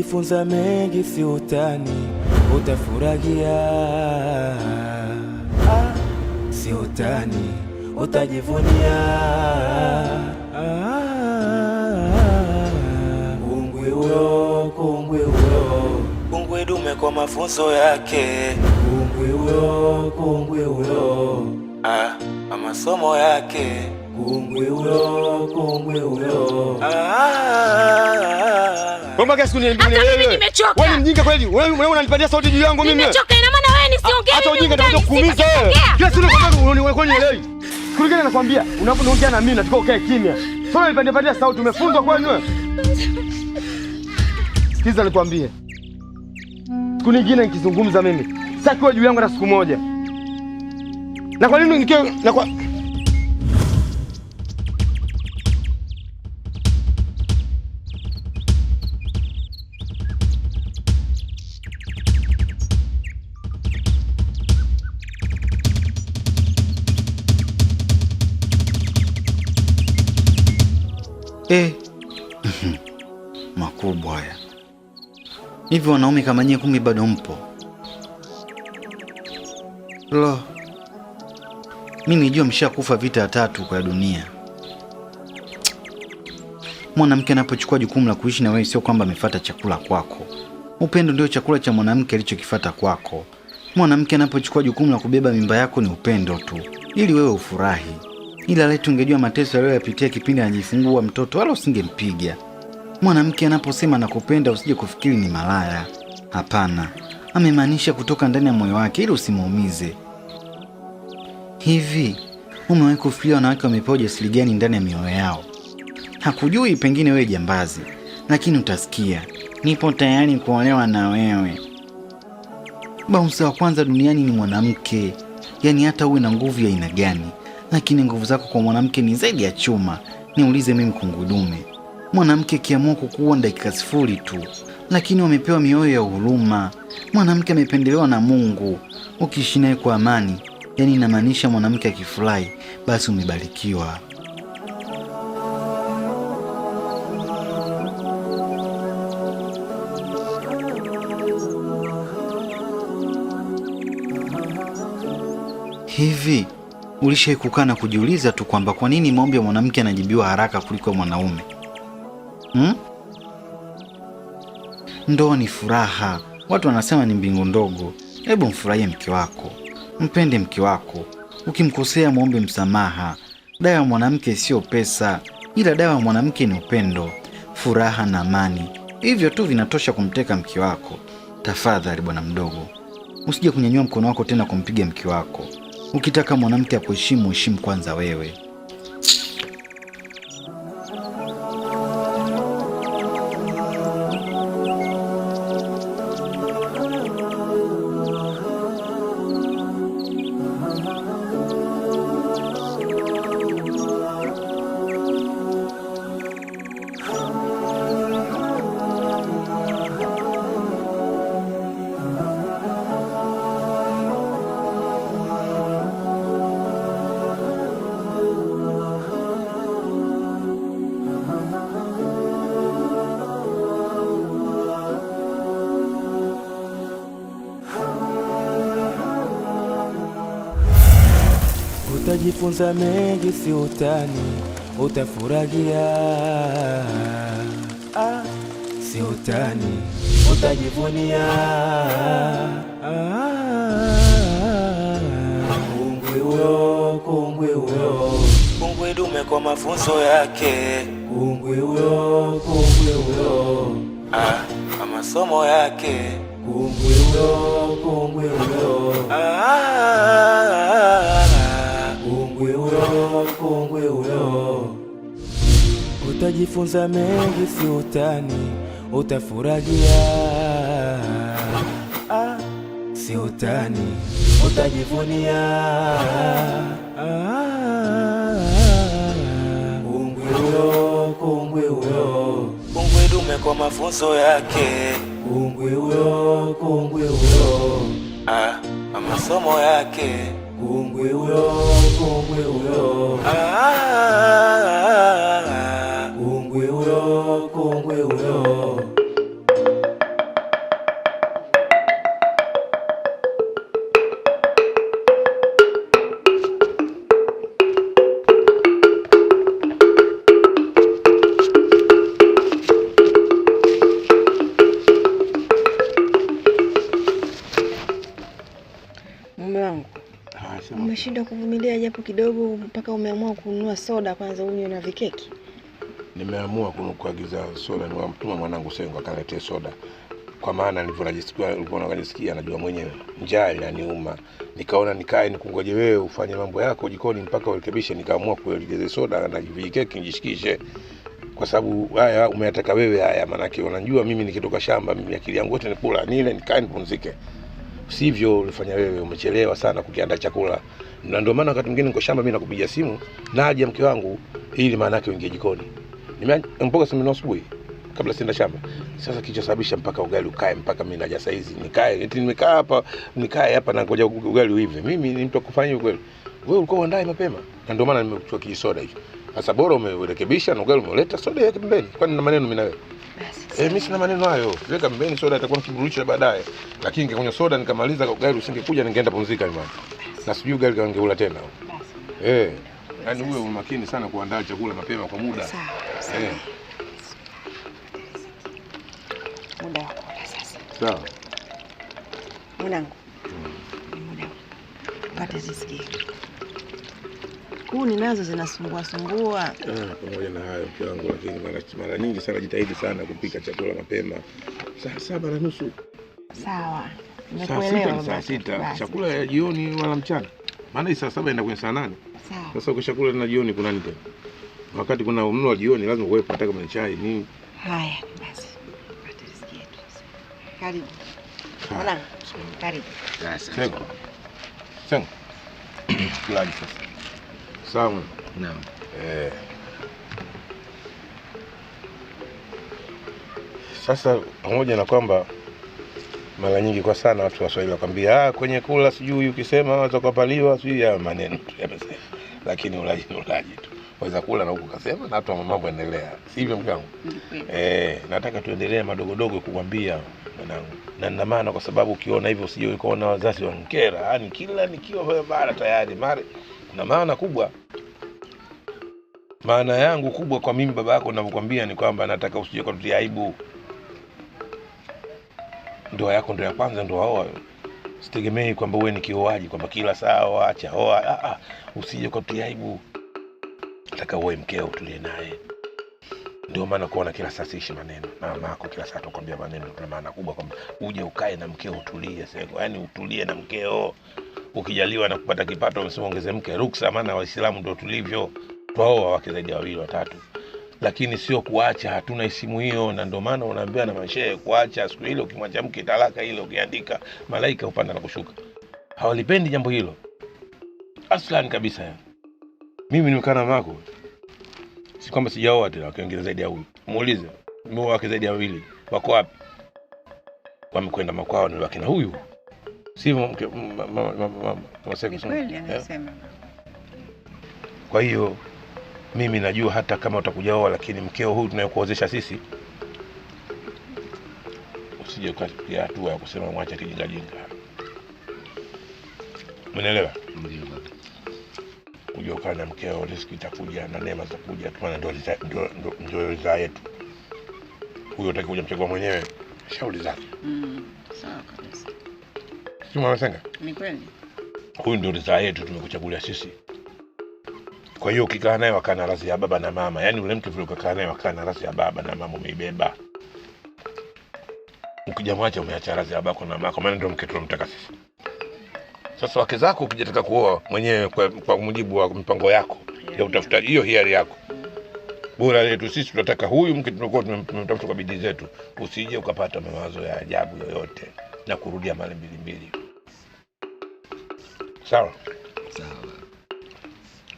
kujifunza mengi, si utani, utafurahia ah, si utani, utajivunia ah, kungwi ah, huyo kungwi huyo dume kwa mafunzo yake kungwi uyo, kungwi uyo, ah, masomo yake kungwi huyo kungwi huyo ah, ah, ah, ah. Wewe ni mjinga kweli. Wewe unanipatia sauti juu yangu mimi. Nimechoka ina maana wewe nisiongee. Ah, hata ujinga ndio kukuumiza wewe. Kila siku unakwambia unielewi. Kuligana nakwambia unaongea na mimi na tukao kae kimya. Sasa unanipatia patia sauti umefunzwa kwani wewe? Sikiza nikwambie. Siku nyingine nikizungumza mimi. Sasa kwa juu yangu na siku moja. Na kwa nini nikiwa na kwa Hivi wanaume kama nyie kumi bado mpo? Lo, mi nijua mshakufa vita ya tatu kwa dunia. Mwanamke anapochukua jukumu la kuishi na wewe, sio kwamba amefuata chakula kwako. Upendo ndio chakula cha mwanamke alichokifuata kwako. Mwanamke anapochukua jukumu la kubeba mimba yako, ni upendo tu, ili wewe ufurahi. Ila leo tungejua mateso aliyoyapitia kipindi anajifungua mtoto, wala usingempiga. Mwanamke anaposema nakupenda, usije kufikiri ni malaya. Hapana, amemaanisha kutoka ndani ya moyo wake ili usimuumize. Hivi umewahi kufikiria wanawake wamepewa ujasiri gani ndani ya mioyo yao? Hakujui, pengine wewe jambazi, lakini utasikia nipo tayari kuolewa na wewe. Bausa wa kwanza duniani ni mwanamke. Yaani hata uwe na nguvu ya aina gani, lakini nguvu zako kwa mwanamke ni zaidi ya chuma. Niulize mimi kungudume mwanamke akiamua kukuua dakika sifuri tu, lakini wamepewa mioyo ya huruma. Mwanamke amependelewa na Mungu, ukiishi naye kwa amani, yaani inamaanisha mwanamke akifurahi, basi umebarikiwa. Hivi ulishai kukaa na kujiuliza tu kwamba kwa nini maombi ya mwanamke anajibiwa haraka kuliko mwanaume? hmm? Ndoa ni furaha, watu wanasema ni mbingu ndogo. Hebu mfurahie mke wako, mpende mke wako, ukimkosea mwombe msamaha. Dawa ya mwanamke siyo pesa, ila dawa ya mwanamke ni upendo, furaha na amani. Hivyo tu vinatosha kumteka mke wako. Tafadhali bwana mdogo, usije kunyanyua mkono wako tena kumpiga mke wako. Ukitaka mwanamke akuheshimu, heshimu kwanza wewe. Utajifunza mengi, si utani, utafurahia ah, si utani, utajivunia ah, kungwi huyo, kungwi huyo, kungwi dume kwa mafunzo yake, kungwi huyo, kungwi huyo, ah, kwa masomo yake, kungwi huyo, kungwi huyo ah, ah, ah, ah mkongwe huyo. Utajifunza mengi, si utani, utafurahia ah, si utani, utajivunia kongwe ah, huyo, kongwe huyo, kungwi dume kwa mafunzo yake, kungwi huyo, kongwe huyo, ah, masomo yake 공구에 오여 공구에 오여 아 공구에 오여 공구에 오여 Mương Umeshindwa kuvumilia japo kidogo mpaka umeamua kununua soda kwanza unywe na vikeki? Nimeamua kuagiza soda, niwamtuma mwanangu Sengo akalete soda, kwa maana nilivyokuwa najisikia, najua mwenyewe njaa inaniuma. Nikaona nikae nikungoje wewe ufanye mambo yako jikoni mpaka urekebishe. Nikaamua kuelekeza soda na vikeki nijishikishe, kwa sababu haya umeyataka wewe haya, maanake unajua mimi nikitoka shamba, mimi akili yangu yote ni kula, nile nikae nipumzike sivyo ulifanya wewe, umechelewa sana kukiandaa chakula. Na ndio maana wakati mwingine niko shamba, mimi nakupigia simu, naje mke wangu, ili maana yake uingie jikoni. Nimeampoka simu na asubuhi kabla sienda shamba. Sasa kilichosababisha mpaka ugali ukae mpaka mimi naja saa hizi nikae, eti nimekaa hapa nikae hapa na ngoja ugali uive. Mimi ni mtu akufanyia ukweli, wewe ulikuwa uandae mapema, na ndio maana nimechukua kijisoda hicho. Sasa bora umerekebisha na ugali umeleta soda yake pembeni, kwani na maneno mimi na wewe. Eh, mimi sina maneno hayo. Weka mbeni soda itakuwa ni kiburudisho baadaye. Lakini ningekunywa soda nikamaliza gari usingekuja ningeenda pumzika nyumbani. Na sijui gari kangeula tena. Eh. Yaani uwe umakini sana kuandaa chakula mapema kwa muda. Sawa. Eh. Muda wako sasa. Sawa. Mwanangu. Mwanangu. Pata zisikie kuni nazo zinasumbua sumbua. Ah, pamoja na hayo mke wangu, lakini mara mara nyingi sana jitahidi sana kupika chakula mapema, saa saba na nusu sawa, nimekuelewa. Saa sita chakula ya jioni wala mchana, maana saa saba enda kwenye saa nane. Sasa ukishakula na jioni kuna nini tena? Wakati kuna mlo wa jioni lazima uwepo, hata kama ni chai nini. Haya basi, karibu karibu. Sasa kulaji sasa Naam. Eh. Sasa pamoja na kwamba mara nyingi kwa sana watu Waswahili wakwambia, ah, kwenye kula sijui ukisema waweza kupaliwa sijui ya maneno tu yamesema, lakini ulaji ni ulaji tu, waweza kula na huku kasema na hata mambo endelea, hivyo mkangu? Eh, nataka tuendelee madogodogo kukwambia mwanangu, na nina maana kwa sababu ukiona hivyo sijui ukaona wazazi wankera, yani kila nikiwa bara tayari mare na maana kubwa. Maana yangu kubwa kwa mimi baba yako ninavyokwambia ni kwamba nataka usije kutia aibu. Ndoa yako ndo ya kwanza, ndo waoa. Sitegemei kwamba wewe ni kioaji, kwamba kila saa waacha oa. Ah, ah, usije kutia aibu. Nataka uoe mkeo tulie naye. Ndio maana kuona kila saa siishi maneno na yako, kila saa tukwambia maneno, tuna maana kubwa kwamba uje ukae na mkeo utulie, yaani utulie na mkeo ukijaliwa na kupata kipato ongeze mke ruksa, maana Waislamu ndo tulivyo, twaoa wake zaidi ya wawili watatu, lakini sio kuacha. Hatuna isimu hiyo, na ndio maana unaambiwa na mashehe kuacha siku ile, ukimwacha mke talaka ile, ukiandika malaika upanda na kushuka. Hawalipendi jambo hilo aslan kabisa. Ya. Mimi nimekaa na mako, si kwamba sijaoa tena wake wengine zaidi ya huyu, muulize mmeoa wake zaidi ya wawili, wako wapi? Wamekwenda makwao, ni wake na huyu si mke eh. anasema. Kwa hiyo mimi najua hata kama utakuja oa, lakini mkeo huyu tunayokuozesha sisi, usije ukafikia hatua ya kusema mwacha kijingajinga. Umeelewa? Ndio na mkeo, riski itakuja na neema zitakuja, maana ndio ridhaa yetu. Huyo utakuja mchagua mwenyewe, shauri zake. Mm, sawa kabisa si Mama Ni kweli. Huyu ndio ridhaa yetu, tumekuchagulia sisi. Kwa hiyo ukikaa naye wakaa na radhi ya baba na mama, yaani ule mtu vile ukakaa naye wakaa na radhi ya baba na mama, umeibeba. Ukijamwacha umeacha radhi ya babako na mamako, maana ndio mke tunamtaka sisi. Sasa wake zako ukijataka kuoa mwenyewe kwa, kwa mujibu wa mpango yako ya utafutaji, hiyo hiari yako bora letu sisi. Tunataka huyu mke tunakuwa tumemtafuta kwa bidii zetu, usije ukapata mawazo ya ajabu yoyote na kurudia mara mbili mbili. Sawa sawa,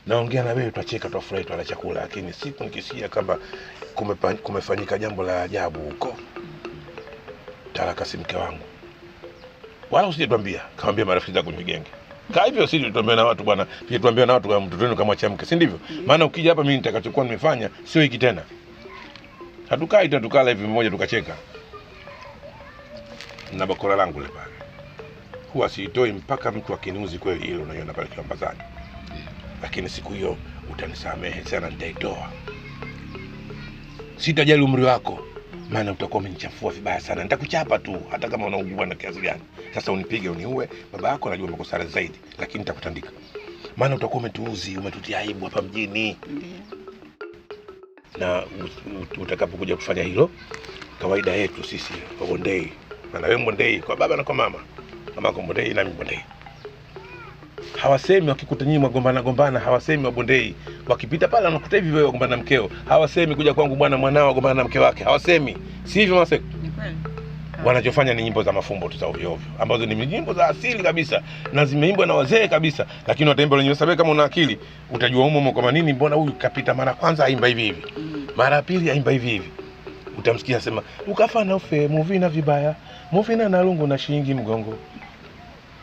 naongea na wewe, twacheka, twafurahi, twala chakula, lakini siku nikisikia kama kumefanyika jambo la ajabu huko Tarakasi, mke wangu, wala usije tuambia, kawambia marafiki zako kwenye genge kaa hivyo, si tuambia na watu bwana, pia tuambia na watu kama mtoto wenu kama chamke, si ndivyo? Mm. Maana ukija hapa mimi nitakachokuwa nimefanya sio hiki tena. Hatukai tu tukala hivi mmoja tukacheka na bakora langu le huwa siitoi mpaka mtu akiniuzi kweli hilo unaiona pale kiambazani yeah. lakini siku hiyo utanisamehe sana nitaitoa sitajali umri wako maana utakuwa umenichafua vibaya sana nitakuchapa tu hata kama unaugua na kiasi gani sasa unipige uniue baba yako anajua makosara zaidi lakini nitakutandika maana utakuwa umetuuzi umetutia aibu hapa mjini na utakapokuja kufanya hilo kawaida yetu sisi Bondei, na wewe mbondei kwa baba na kwa mama kama wako Bondei nami Hawasemi wakikuta nyinyi mwagombana gombana, hawasemi wabondei. Wakipita pale wanakuta hivi wewe wagombana mkeo, hawasemi kuja kwangu bwana, mwanao wagombana na mke wake, hawasemi. Si hivyo Maseko? Ah. Wanachofanya ni nyimbo za mafumbo tu za ovyo ovyo, ambazo ni nyimbo za asili kabisa na zimeimbwa na wazee kabisa, lakini wataimba wenyewe. Sababu kama una akili utajua umo kwa nini, mbona huyu kapita mara kwanza aimba hivi hivi, mara pili aimba hivi hivi utamsikia sema ukafa na ufe muvi na vibaya muvi na nalungu na shilingi mgongo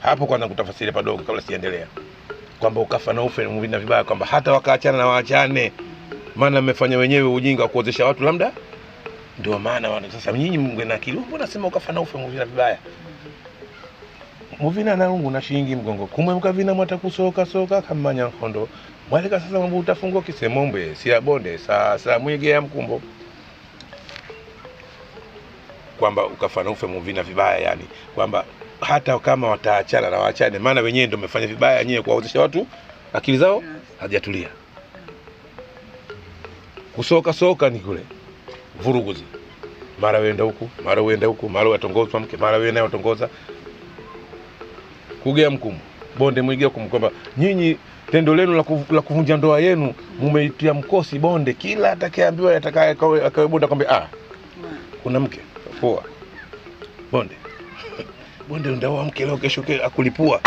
hapo kwanza kutafasiri padogo kabla sijaendelea, kwamba ukafa na ufe na vibaya, kwamba hata wakaachana na waachane, maana mmefanya wenyewe ujinga wa kuozesha watu, labda ndio maana wana sasa. Nyinyi mngwe na akili, mbona sema ukafa na ufe mvina vibaya? Muvina na rungu na shilingi mgongo kumwe mkavina mwata kusoka soka kama nkondo mwalika sasa mambo utafungwa kisemombe sia bonde saa saa mwige ya mkumbo kwamba ukafa na ufe muvina vibaya, yani kwamba hata kama wataachana na waachane, maana wenyewe ndio wamefanya vibaya nyewe, kuwaozesha watu akili zao hazijatulia. Kusoka soka ni kule vuruguzi, mara wenda huku mara wenda huku, mara watongozwa mke, mara wewe naye watongoza, kugea mkumu bonde mwigia kumkomba. Nyinyi tendo lenu la kuvunja ndoa yenu mumeitia mkosi bonde, kila atakayeambiwa atakaye akawe bonde akwambia ah, kuna mke poa bonde bonde ndauamke leo kesho kesho akulipua.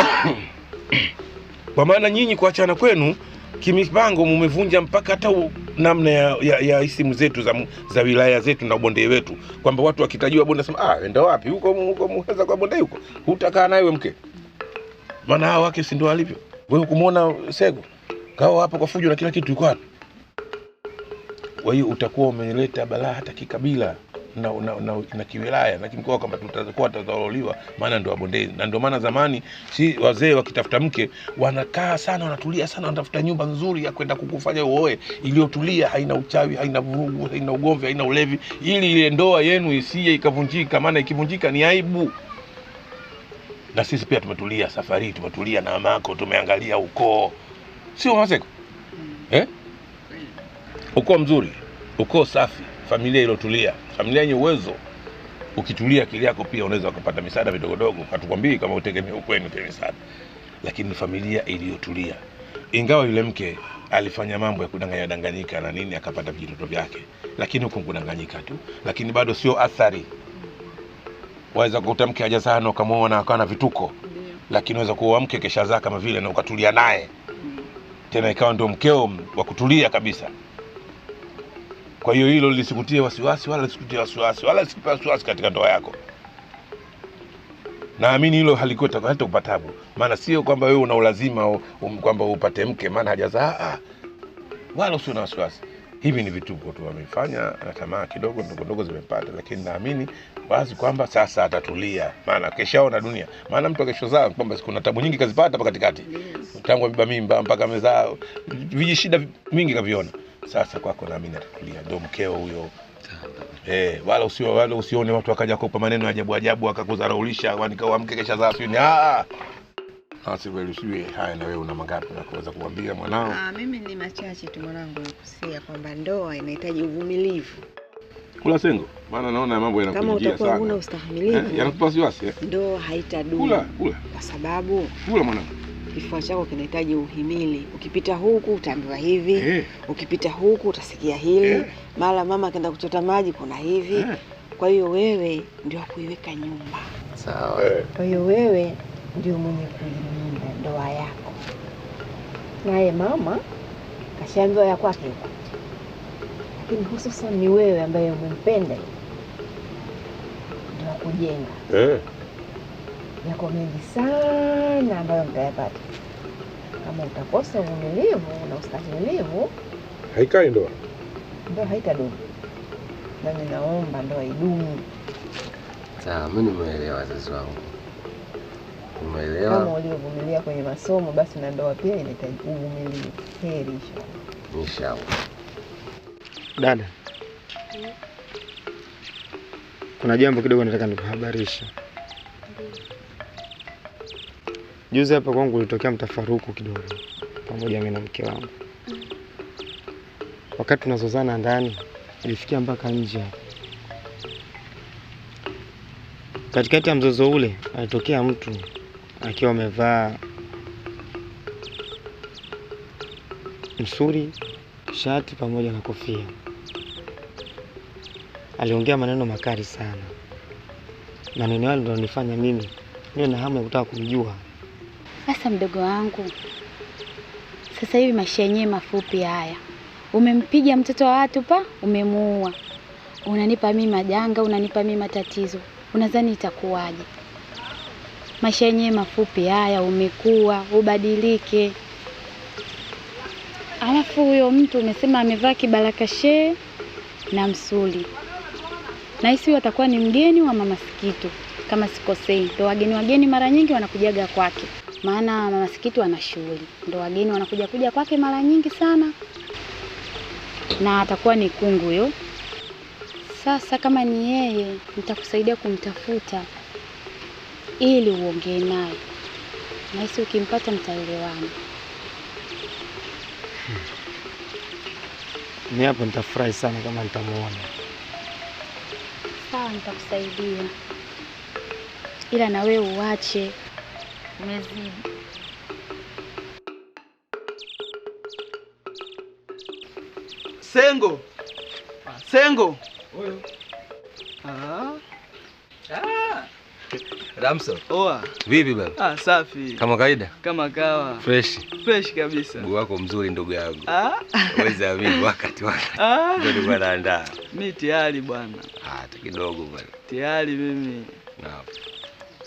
Kwa maana nyinyi kuachana kwenu kimipango mumevunja mpaka hata namna ya, ya, ya isimu zetu za, za wilaya zetu na bonde wetu, kwamba watu wakitajua bonde sema ah, enda wapi huko huko Muheza kwa bonde huko hutakaa naye mke, maana hao wake si ndio alivyo. Wewe kumuona Sego kao hapo kwa fujo na kila kitu yuko wapi? Kwa hiyo utakuwa umeleta balaa hata kikabila na, na, na, na kiwilaya na kimkoa kwamba tutakuwa tutaolewa, maana ndio wabondezi. Na ndio maana zamani si wazee wakitafuta mke wanakaa sana, wanatulia sana, wanatafuta nyumba nzuri ya kwenda kukufanya uoe, iliyotulia, haina uchawi, haina vurugu, haina ugomvi, haina ulevi, ili ile ndoa yenu isije ikavunjika, maana ikivunjika ni aibu na sisi pia tumetulia safari tumetulia na mako, tumeangalia ukoo, sio wazee eh? ukoo mzuri, ukoo safi, familia ilotulia familia yenye uwezo, ukitulia akili yako pia unaweza ukapata misaada midogodogo. Hatukwambii kama utegemee ukweni utoe misaada, lakini familia iliyotulia, ingawa yule mke alifanya mambo ya kudanganya danganyika na nini akapata vijitoto vyake, lakini huku kudanganyika tu, lakini bado sio athari. Waweza kukuta mke haja sana ukamwona akawa na vituko, lakini waweza kuoa mke kesha zaa kama vile na ukatulia naye tena ikawa ndio mkeo wa kutulia kabisa. Kwa hiyo hilo lisikutie wasiwasi wala lisikutie wasiwasi wala lisikupe wasiwasi katika ndoa yako. Naamini hilo halikuwa kupata tabu, maana sio kwamba wewe una ulazima um, kwamba upate mke maana hajazaa, Ah, wala usio na wasiwasi. Hivi ni vituko tu amefanya na tamaa kidogo ndogo ndogo zimepata, lakini naamini wazi kwamba sasa atatulia, maana keshao na dunia. Maana mtu akishozaa kwamba kuna tabu nyingi kazipata hapa katikati, tangu beba mimba mpaka amezaa, vijishida mingi kaviona. Sasa kwako na mimi natulia, ndio mkeo huyo eh, wala usio wala usione watu wakaja kukupa maneno ya ajabu ajabu akakudharaulisha wanikawa mke mkekesha za afyuni. ah, ah. wewe usiwe haya. Na wewe una mangapi na kuweza kuambia mwanao? Ah, mimi ni machache tu mwanangu, nakusia kwamba ndoa inahitaji uvumilivu. Kula sengo, maana naona mambo yanakujia sana. Kama utakuwa huna ustahimilivu, eh, yanakupa wasiwasi. Eh? Ndoa haitadumu. Kula, kula. Kwa sababu kula mwanangu kifua chako kinahitaji uhimili. Ukipita huku utaambiwa hivi eh, ukipita huku utasikia hili eh, mara mama akaenda kuchota maji kuna hivi eh. Kwa hiyo wewe ndio akuiweka nyumba sawa eh. Kwa hiyo wewe ndio mume kuilinda ndoa yako, naye mama kashaambiwa ya kwake huko, lakini hususan ni wewe ambaye umempenda ndio wakujenga eh yako mengi sana ambayo mtayapata kama utakosa uvumilivu na ustahimilivu. Haikai ndoa, ndoa haitadumu, na ninaomba ndoa idumu. Sawa, mimi nimeelewa wazazi wangu, umeelewa. Kama uliovumilia kwenye masomo, basi na ndoa pia inahitaji uvumilivu. Heri inshallah. Dada, kuna jambo kidogo nataka nikuhabarisha. Juzi hapa kwangu ulitokea mtafaruku kidogo, pamoja mimi na mke wangu. Wakati tunazozana ndani, ilifikia mpaka nje. Katikati ya mzozo ule, alitokea mtu akiwa amevaa msuri, shati pamoja na kofia. Aliongea maneno makali sana. Maneno yale ndio nilifanya mimi niwe na hamu ya kutaka kumjua. Sasa mdogo wangu, sasa hivi maisha yenyewe mafupi haya. Umempiga mtoto wa watu pa, umemuua, unanipa mimi majanga, unanipa mimi matatizo, unadhani itakuwaje? Maisha yenyewe mafupi haya, umekuwa ubadilike. Alafu huyo mtu umesema amevaa kibarakashee na msuli, na huyo atakuwa ni mgeni wa mama Sikitu kama sikosei, ndo wageni wageni mara nyingi wanakujaga kwake maana mama Sikitu ana shughuli, ndo wageni wanakuja kuja kwake mara nyingi sana, na atakuwa ni kungu huyo. Sasa kama ni yeye, nitakusaidia kumtafuta ili uongee naye, nahisi ukimpata mtaelewana. Hmm. Ni hapo nitafurahi sana kama nitamuona. Sawa, nitakusaidia, ila na wewe uache umezidi. Sengo Sengo, ah. Ah. Ramso. Oa. Vipi baba? Ah, safi. Kama kawaida? Kama kawa. Fresh. Fresh kabisa. Mguu wako mzuri ndugu yangu. Ah. Weza amini wakati wakati. Ah. Ndio bwana naandaa. Mimi tayari bwana. Ah, hata kidogo bwana. Tayari mimi. Naam.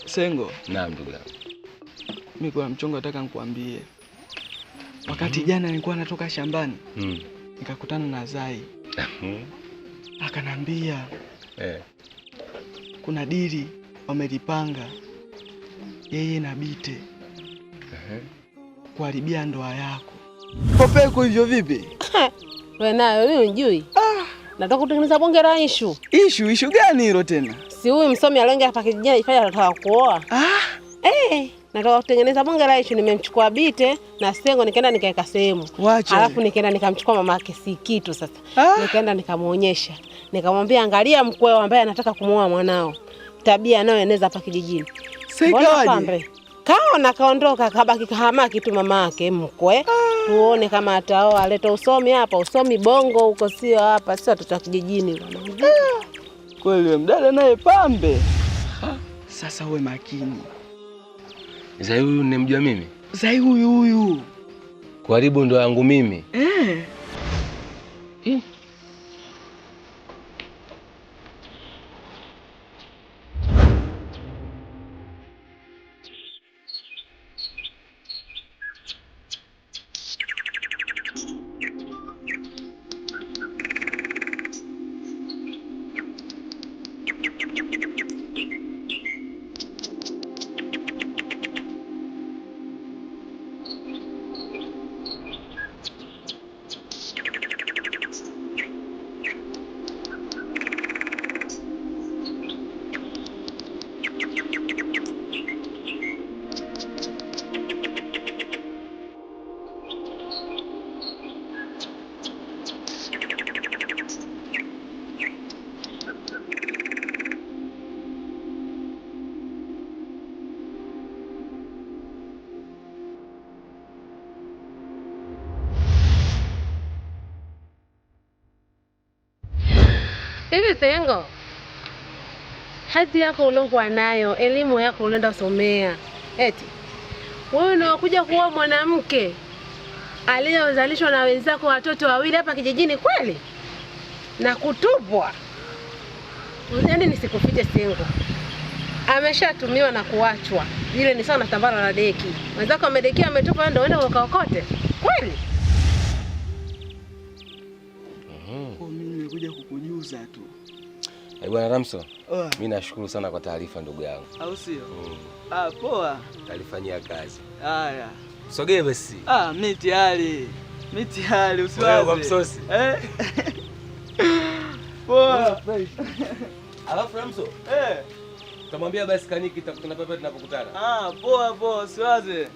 Sengo. Naam ndugu yangu. Mimi kwa mchongo nataka nikuambie. wakati mm. jana nilikuwa natoka shambani mm. nikakutana na Zai hmm. akanambia eh. kuna dili wamelipanga yeye na Bite eh. kuharibia ndoa yako. Popeko hivyo vipi? Wewe nayo wewe unjui? Ah. Nataka kutengeneza bonge la ishu. Ishu ishu gani hilo tena? Si huyu msomi alenge hapa kijana ifanya anataka kuoa. Ah. Eh. Hey nataka kutengeneza bonge la ichu, nimemchukua Bite na Sengo, nikaenda nikaweka sehemu, alafu nikaenda nikamchukua mama yake si kitu Sasa ah, nikaenda nikamwonyesha, nikamwambia angalia mkweo ambaye anataka kumwoa mwanao, tabia anayoeneza hapa kijijini, Sikaje kaona kaondoka, kabaki kahamaki tu mama yake mkwe ah. Tuone kama ataoa, aleta usomi hapa, usomi bongo huko, sio hapa, sio watoto wa kijijini ah. Kweli mdada naye pambe ha. Ah, sasa uwe makini Zai huyu nimjua mimi? Zai huyu huyu. Karibu ndo yangu mimi. Eh. Sengo, hati yako uliokuwa nayo, elimu yako ulienda somea, eti wewe ndio kuwa mwanamke aliyozalishwa na wenzako watoto wawili hapa kijijini kweli, na kutupwa. Yaani nisikufite Sengo, ameshatumiwa na kuachwa, ile ni sawa na tambara la deki. Wenzako wamedekiwa, ametupa ndio uende ukaokote kweli? Mimi nimekuja kukujuza tu Bwana Ramso, mimi nashukuru sana kwa taarifa ndugu yangu, au sio? Mm. Ah, poa. Talifanyia kazi. Haya. Sogee basi. Ah, mimi tayari. Mimi tayari usiwaze. Kwa msosi. Eh? Poa. Alafu Ramso. Eh. Tamwambia basi kaniki tutakutana pale tunapokutana. Ah, poa poa, usiwaze.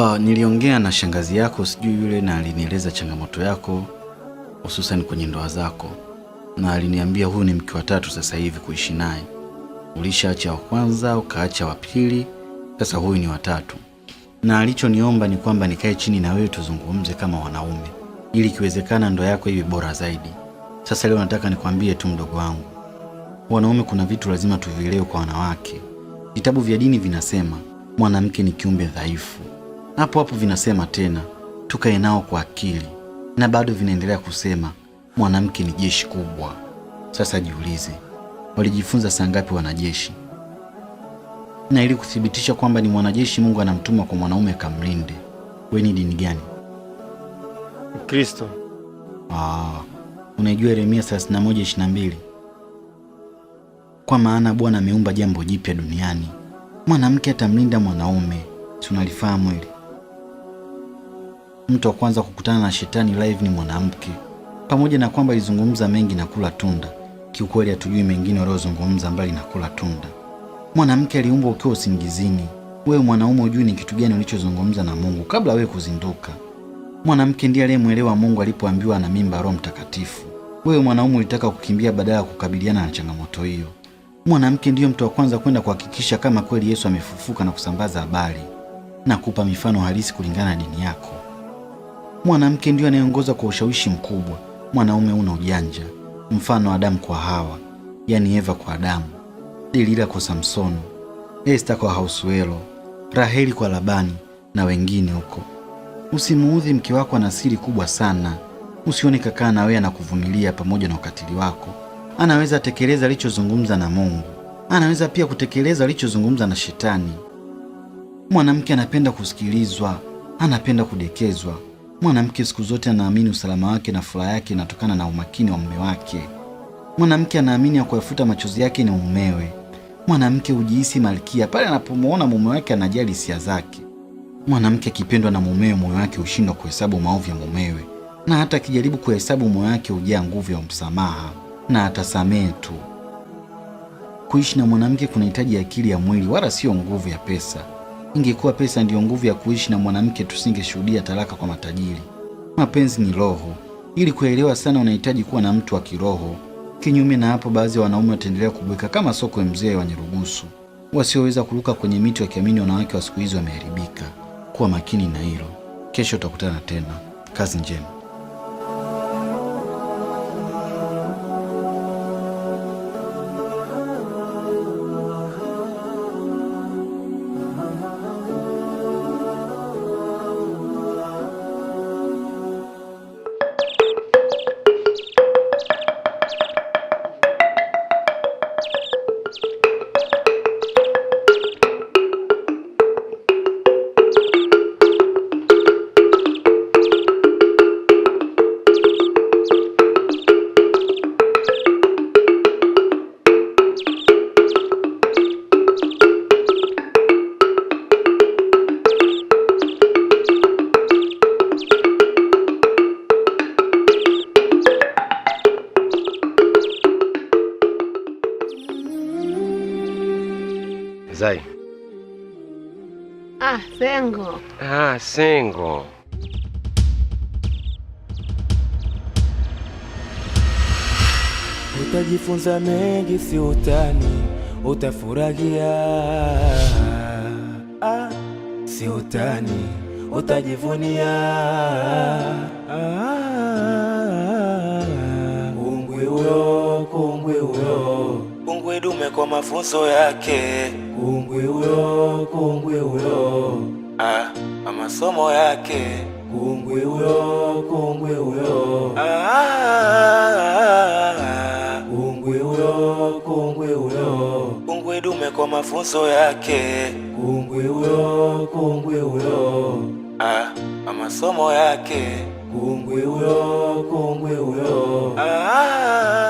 Uh, niliongea na shangazi yako sijui yule, na alinieleza changamoto yako hususan kwenye ndoa zako, na aliniambia huyu ni mke wa tatu sasa hivi kuishi naye. Ulishaacha wa kwanza ukaacha wa pili, sasa huyu ni wa tatu, na alichoniomba ni kwamba nikae chini na wewe tuzungumze kama wanaume, ili ikiwezekana ndoa yako iwe bora zaidi. Sasa leo nataka nikwambie tu mdogo wangu, wanaume kuna vitu lazima tuvielewe kwa wanawake. Vitabu vya dini vinasema mwanamke ni kiumbe dhaifu hapo hapo vinasema tena tukae nao kwa akili, na bado vinaendelea kusema mwanamke ni jeshi kubwa. Sasa jiulize, walijifunza saa ngapi wanajeshi? Na ili kuthibitisha kwamba ni mwanajeshi Mungu anamtuma kwa mwanaume kamlinde, Wewe ni dini gani? Kristo. Ah, unaijua Yeremia 31:22 kwa maana Bwana ameumba jambo jipya duniani, mwanamke atamlinda mwanaume. Tunalifahamu hili? mtu wa kwanza kukutana na shetani live ni mwanamke. Pamoja na kwamba alizungumza mengi na kula tunda, kiukweli hatujui mengine waliozungumza mbali na kula tunda. Mwanamke aliumbwa ukiwa usingizini. Wewe mwanaume ujui ni kitu gani ulichozungumza na Mungu kabla wewe kuzinduka. Mwanamke ndiye aliyemwelewa Mungu alipoambiwa ana mimba Roho Mtakatifu. Wewe mwanaume ulitaka kukimbia badala ya kukabiliana na changamoto hiyo. Mwanamke ndiyo mtu wa kwanza kwenda kuhakikisha kama kweli Yesu amefufuka na kusambaza habari na kupa mifano halisi kulingana na dini yako. Mwanamke ndiyo anayeongoza kwa ushawishi mkubwa, mwanaume una ujanja, mfano Adamu kwa Hawa, yani Eva kwa Adamu, Delila kwa Samsoni, Esta kwa Hausuelo, Raheli kwa Labani na wengine huko. Usimuudhi mke wako, ana siri kubwa sana. Usione kakaa na anakuvumilia pamoja na ukatili wako. Anaweza tekeleza alichozungumza na Mungu, anaweza pia kutekeleza alichozungumza na Shetani. Mwanamke anapenda kusikilizwa, anapenda kudekezwa Mwanamke siku zote anaamini usalama wake na furaha yake inatokana na umakini wa mume wake. Mwanamke anaamini ya kuyafuta machozi yake ni mumewe. Mwanamke hujihisi malkia pale anapomwona mume wake anajali hisia zake. Mwanamke akipendwa na mumewe, moyo wake hushindwa kuhesabu maovu ya mumewe, na hata akijaribu kuhesabu, moyo wake hujaa nguvu ya msamaha na atasamehe tu. Kuishi na mwanamke kunahitaji akili ya mwili, wala sio nguvu ya pesa. Ingekuwa pesa ndiyo nguvu ya kuishi na mwanamke, tusingeshuhudia talaka kwa matajiri. Mapenzi ni roho. Ili kuelewa sana, unahitaji kuwa na mtu wa kiroho. Kinyume na hapo, baadhi ya wanaume wataendelea kubweka kama sokwe mzee wa Nyarugusu, wasioweza kuruka kwenye miti, wakiamini wanawake wa siku hizi wameharibika. Kuwa makini na hilo. Kesho utakutana tena. Kazi njema. single. Utajifunza mengi, si utani, utafurahia ah, si utani, utajivunia ah, uyo, kungwi uyo, kungwi dume kwa mafunzo yake, kungwi uyo, kungwi uyo ah masomo yake. Kungwi huyo, kungwi huyo, ah, kungwi huyo, kungwi huyo, kungwi dume kwa mafunzo yake. Kungwi huyo, kungwi huyo, Ah, masomo yake. Kungwi huyo, kungwi huyo. Ah.